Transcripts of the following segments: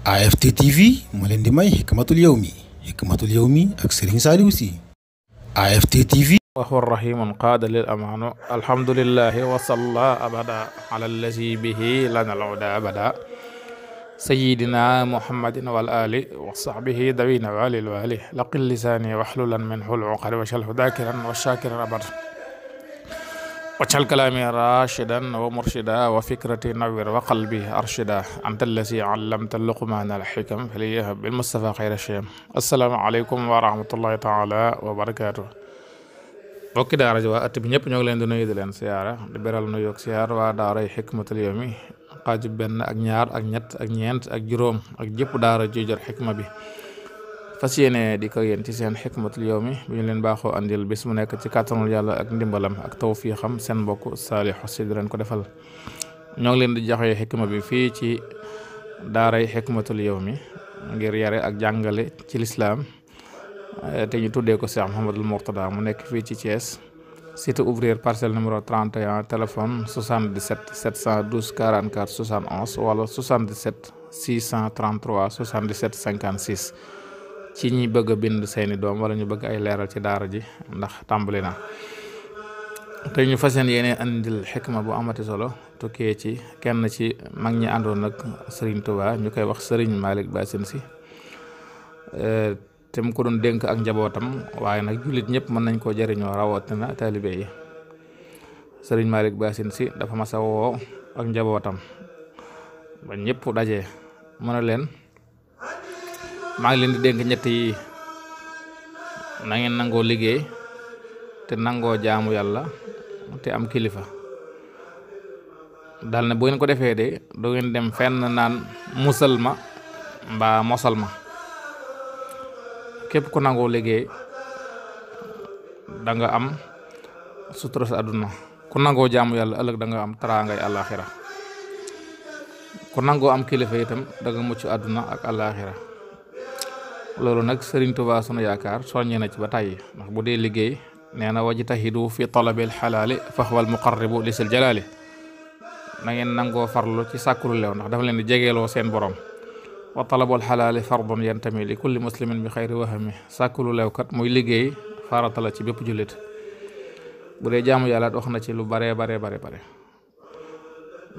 AFT TV moo leen di may xikmatul yawmi xikmatul yawmi ak Serigne Saliou Sy AFT TV waxu rahimun qaada lil amaanu alhamdulillahi wa salla abada ala allazi bihi lana alhuda abada sayidina muhammadin wal ali wa sahbihi dawina walil wali laqil lisaani waxlulan minhu al uqad wa shalhu dakiran wa shakiran abada waccal kalaami rashidan wa murshida wa fikrati nawir wa qalbi arshida anta allasi allamta luqmaana alxikam faliyahab bil mustafa xayra shayam assalaamu aleykum wa rahmatullahi taala wa barakaatu bokki daara ji waa bi ñëpp ñoo ngi leen di nuyu di leen siyaara di beral nu yoog siyaar waa daaray xikmatul yawmi xaaju benn ak ñaar ak ñett ak ñeent ak juróom ak jëpp daara ji jot bi fas yéene di ko yéen ci seen xikmatul yawmi mi ñu leen baaxoo andil bis mu nekk ci kàttanul yàlla ak ndimbalam ak taw tawfiixam seen mbokk Saliou Sy di leen ko defal ñoo ngi leen di joxe xikma bi fii ci daaray xikmatul yawmi ngir yare ak jàngale ci lislaam eh, te ñu tuddee ko Cheikh Mouhamadul Mourtada mu nekk fii ci Thiès site ouvrier parcelle numéro 31 téléphone 77 712 44 71 wala 77 633 77 56 ci ñi bëgg a bind seeni doom wala ñu bëgg ay leeral ci daara ji ndax tàmbali na te ñu fas yéene andil xikma bu amati solo tukkee ci kenn ci mag ñi àndoon nag sëriñ tubaa ñu koy wax sëriñ Malick Bassine si te mu ko doon dénk ak njabootam waaye nag jullit ñëpp mën nañ koo jëriñoo rawatina taalibe yi Serigne Malick Bassine Sy dafa mas a woo ba ñëpp daje mën a leen. maa ngi leen di dénk ñetti yi na ngeen nangoo liggéey te nangoo jaamu yàlla te am kilifa dal ne bu ngeen ko defee de doo ngeen dem fenn naan musalma mbaa mosalma képp ku nangoo liggéey danga am sutura sa àdduna ku nangoo jaamu yàlla ëllëg danga am taraangay àllaaxira ku nangoo am kilifa itam daga nga mucc àdduna ak àllaaxira loolu nag Serigne Touba sunu yaakaar soññe na ci ba tàyyi ndax bu dee liggéey nee na wajtahidu fi talabil xalaali faxwal muqarribu lisil jalaali na ngeen nangoo farlu ci sàkkulu leew ndax dafa leen di jegeeloo seen borom wa talabul xalaali fardun tamit li kulli muslimin bi xayri wahami sàkkulu leew kat muy liggéey farata ci bépp jullit bu dee jaamu yàlla wax na ci lu baree baree bare bare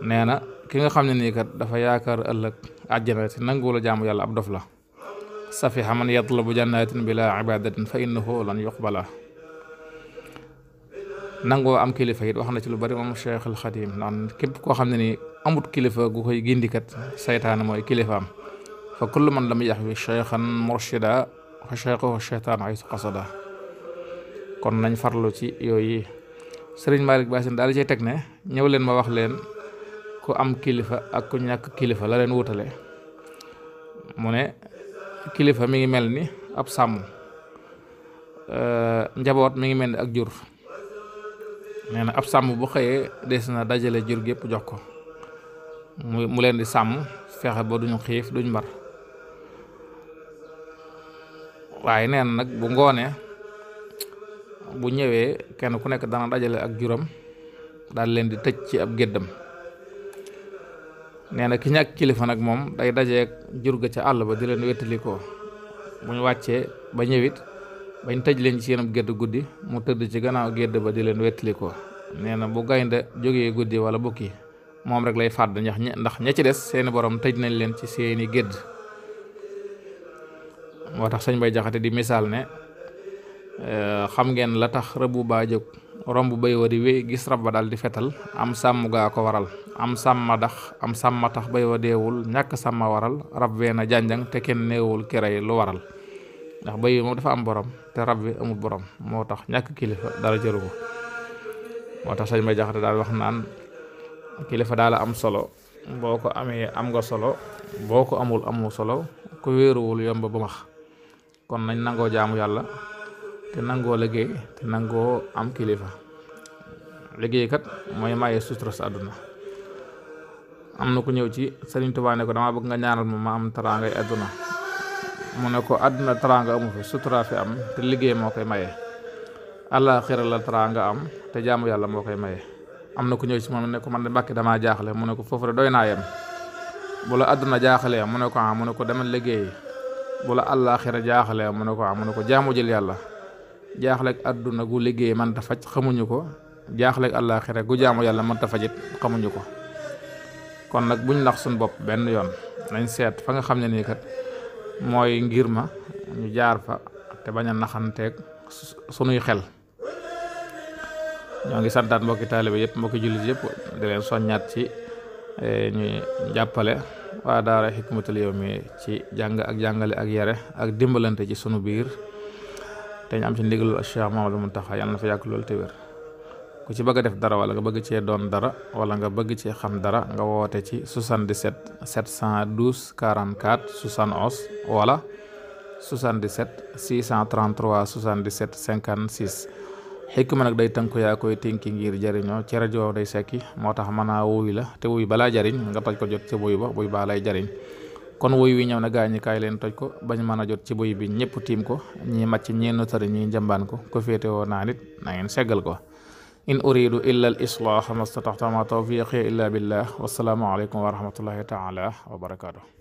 nee na ki nga xam ne nii kat dafa yaakaar ëllëg àjjana te nanguwula jaamu yàlla ab dof la safiha man yatlabu jannatin bila ibadatin fa innahu lan yuqbala nangoo am kilifa it wax na ci lu bari moom Cheikh al Xadim naan képp koo xam ne ni amut kilifa gu koy gindikat saytaane mooy kilifaam fa kullu man lam yaxwi cheikhan murshida fa cheikhuhu cheytaan aysu qasada kon nañ farlu ci yooyu sëriñ Malick Bassine daal cay teg ne ñëw leen ma wax leen ku am kilifa ak ku ñàkk kilifa la leen wutale mu ne kilifa mi ngi mel ni ab sàmm euh, njaboot mi ngi mel ni ak jur nee na ab sàmm bu xëyee des na dajale jur gépp jox ko mu mu leen di sàmm fexe ba duñu xiif duñ mbar waaye neen na nag bu ngoonee bu ñëwee kenn ku nekk dana dajale ak juram daal leen di tëj ci ab géddam nee na ki ñàkk kilifa nag moom day dajeeg jur ga ca àll ba di leen wettali ko bu ñu wàccee ba ñëwit bañ tëj leen ci seenub gédd guddi mu tëdd ci gannaaw gédd ba di leen wettali ko nee na bu gaynde jógee guddi wala bukki moom rek lay fàdd ndax ndax ña ci des seeni borom tëj nañ leen ci seeni gédd moo tax sëñ bay jaxate di misaal ne eh, xam ngeen la tax rëbb baa jóg romb bay wa di gis rab ba daal di fetal am sàmm gaa ko waral am sàmma dax am sàmma tax bay wa deewul ñàkk sàmma waral rab wee na jànjang te kenn neewul ki yi lu waral ndax bay wi moom dafa am borom te rab wi amul borom moo tax ñàkk kilifa dara jëru ko moo tax sañ ma jaxate daal wax naan kilifa daal am solo boo ko amee am nga solo boo ko amul amul solo ko wéeruwul yomb bu max kon nañ nangoo jaamu yàlla te nangoo liggéey te nangoo am kilifa liggéey kat mooy maye sutura àdduna am na ku ñëw ci Sëriñ Tuubaa ko damaa bëgg nga ñaanal ma ma am taraangay àdduna mu ne ko àdduna taraanga amu fi sutura fi am te liggéey moo koy maye àllaaxira la taraanga am te jaamu yàlla moo koy maye am na ku ñëw ci moom ne ko man de damaa jaaxle mu ne ko foofu de doy naa yem bu la àdduna jaaxalee mu ne ko ah, mu ne ko demal liggéey bu la àllaaxira jaaxalee mu ne ko ah mu ne ko jaamu jël yàlla jaaxleeg àdduna gu liggéey man ta faj xamuñu ko jaaxleeg àllaaxira gu jaamu yàlla man ta fajit xamuñu ko kon nag buñ nax suñ bopp benn yoon nañ seet fa nga xam ne nii kat mooy ngir ma ñu jaar fa te bañ a naxanteeg sunuy xel ñoo ngi santaat mbokki taalibe yëpp mbokki jullit yëpp di leen ñaat ci e, ñuy jàppale waa daara Hikmatul mi ci jàng ak jàngale ak yare ak dimbalante ci sunu biir te ñu am ci ndigalul Cheikh Mamadou Mountakha yàlla na fa yàgg loolu te ku ci bëgg def dara wala nga bëgg cee doon dara wala nga bëgg cee xam dara nga woote ci 77 712 44 71 wala 77 633 77 56 xikma nag day tënku yaa koy tinki ngir jariñoo ci rajo day sekki moo tax mën a wuy la te wuy balaa jariñ nga toj ko jot ci buy ba buy baa lay jariñ kon wuy wi ñëw na gaa ñi kaay leen toj ko bañ mën a jot ci buy bi ñëpp tiim ko ñii màcc ñii notari ñii njambaan ko ku naa nit na ngeen seggal ko in uridu illa al islaah ma stataxta ma tawfiqi illa billah wassalaamu aleykum wa rahmatullahi taala wa barakatuh